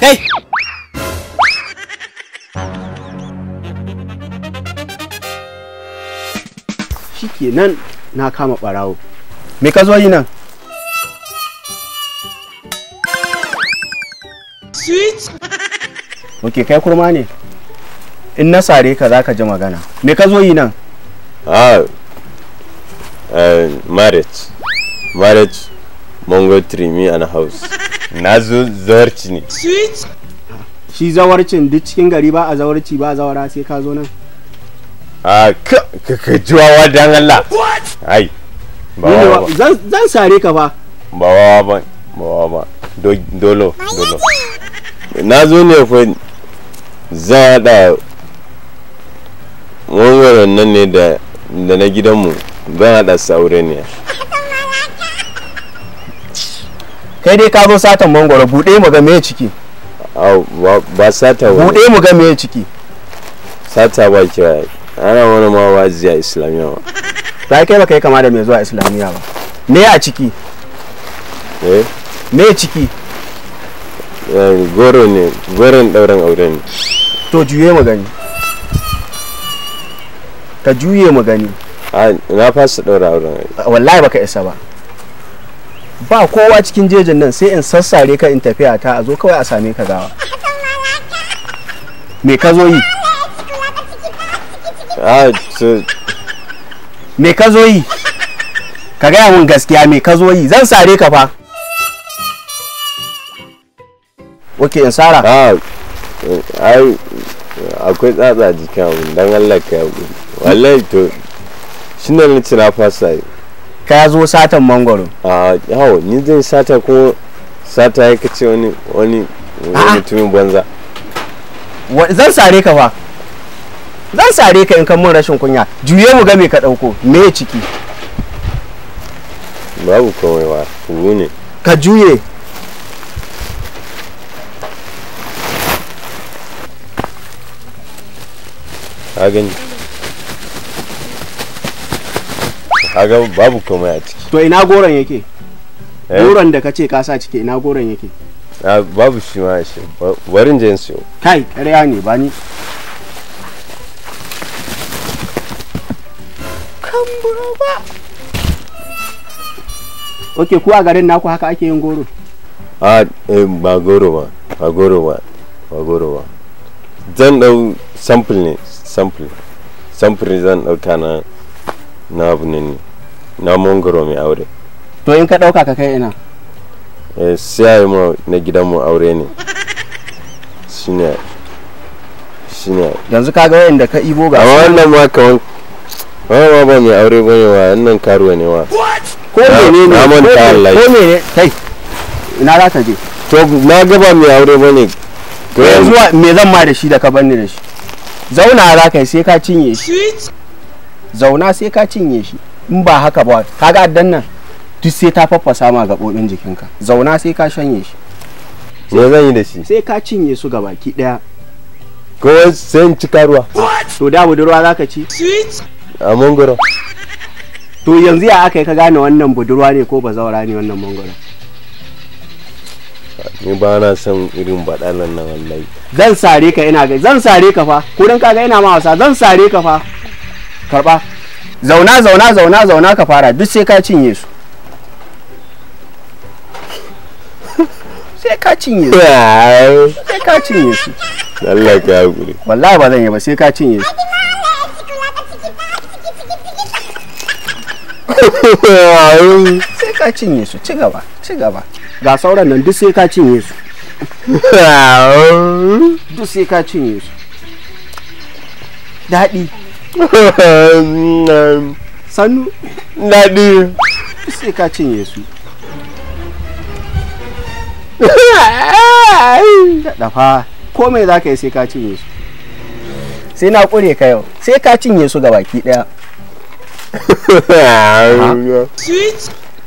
kai nan na kama barawo me ka zo yi nan sweet ok kai kurma ne in na sare ka za ka ji magana me ka zo yi nan ah uh, marriage marriage mongo tree me and house na zawarci ne shi zawarcin duk cikin gari ba a zawarci ba a zawara sai ka zo nan a ka ka jiwawa dan Allah ai ba zan sare ka ba ba wa ba ba wa ba dolo dolo na zo ne fa zan da wangaren nan ne da na gidanmu zan da saurayi ne kai dai ka zo satan mangoro bude mu ga meye ciki ba sata ba bude mu ga meye ciki sata ba kira ana wani ma ba ziya islamiyya ba ta kai baka kai kama da mai zuwa islamiyya ba me a ciki eh me ciki eh, goro ne goron dauran aure ne to juye mu gani ka juye mu gani na fasa daura auren wallahi baka isa ba ba kowa cikin jejin nan sai in sassare ka in tafiya ta a zo kawai a same ka gawa me ka zo yi ah, me ka zo yi ka gaya mun gaskiya me ka zo yi zan sare ka fa ok in sara ah, ai akwai tsatsa jikin don allah ka wallahi to shi ne na fasa yi ka zo satan mangoro a yawo ni zai sata ko sata ya kace wani wani mutumin banza zan sare ka fa zan sare ka in kan mun rashin kunya juye mu ga me ka dauko me ciki babu kawai ba kuru ne ka juye ka gani kaga babu komai a ciki to ina goron yake eh? goron da kace ka sa ciki ina goron yake ah, babu shi ma shi warin je siyo kai ƙarya ne ba ni kan ba ok ku a garin naku haka ake yin goro a ah, eh, ba goro ba ba goro ba ba goro ba zan dau sample ne sample sample zan dauka na na abu ne na mongoro mai aure to in ka ɗauka ka kai ina eh, sai a yi na mu aure ne shine shine yanzu ka ga wayanda ka ibo ga amma wannan ma kawai wannan ma ba mai aure ba ne wa wannan karuwa ne wa ko mene ne ko ne kai ina za ka je to na gaba mai aure ba ne yanzu me zan ma da shi da ka banni da shi zauna za ka yi sai ka cinye shi zauna sai ka cinye shi in ba haka ba kaga addan nan duk sai ta faffasa ma gabobin jikinka zauna sai ka shanye shi me zan yi da shi sai ka cinye su ga baki daya ko sai in ci karuwa to da budurwa zaka ci a mangoro to yanzu ya aka yi ka gane wannan budurwa ne ko zaura ne wannan mangoro ni ba na son irin baɗalan na wallahi zan sare ka ina ga zan sare ka fa ko kaga ina ma wasa zan sare ka fa karba zauna zauna zauna zauna ka fara duk sai ka cinye su sai ka cinye su sai ka cinye su ka hakuri wallahi ba zan yi ba sai ka cinye su sai ka cinye su ci gaba ci gaba ga sauran nan duk sai ka cinye su duk sai ka cinye su daɗi sannu daɗi sai ka cinye su dafa komai za ka yi sai ka cinye su sai na kure ka yau sai ka cinye su ga baki ɗaya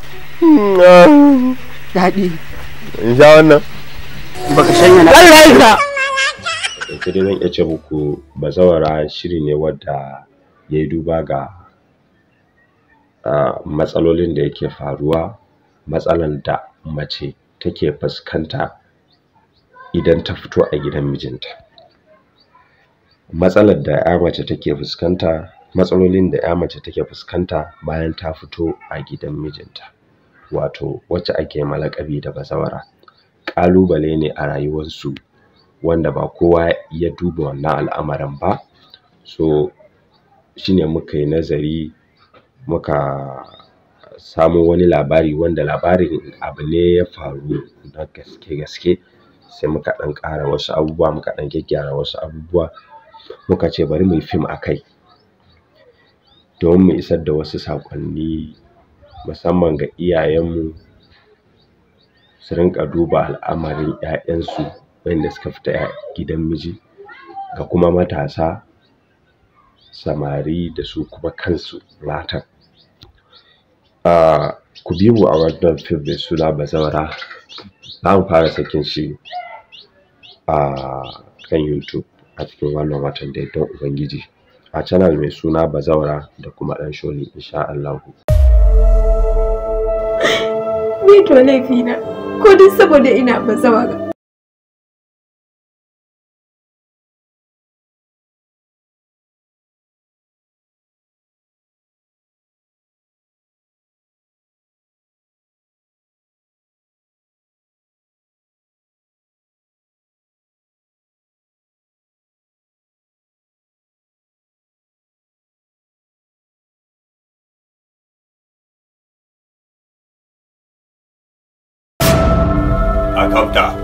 daɗi in sha wannan baka shanya na takaice dai zan ce muku bazawara shiri ne wanda yi duba ga ah, matsalolin da yake faruwa matsalan da mace take fuskanta idan ta fito a gidan mijinta matsalar da ya mace take fuskanta matsalolin da ya mace take fuskanta bayan ta fito a gidan mijinta wato wacce ake ma laƙabi da bazawara ƙalubale ne a rayuwarsu. wanda ba kowa ya duba wannan al'amarin ba so shine muka yi nazari muka samo wani labari wanda labarin abu ne ya faru na gaske gaske sai muka ɗan ƙara wasu abubuwa muka ɗan gyaggyara wasu abubuwa muka ce bari mu yi fim a kai domin mu isar da wasu saƙonni musamman ga iyayenmu su rinƙa duba al'amarin 'ya'yansu wa'inda suka fita gidan miji ga kuma matasa samari da su kuma kansu matan um ku bi mu a wannan fim mai suna bazawara zamu fara sakin shi a kan YouTube a cikin wannan watan da yardan Ubangiji a canal mai suna bazawara da kuma ɗan shoni insha Allahu ni to laifina ko duk saboda ina bazawara あ、カウンター。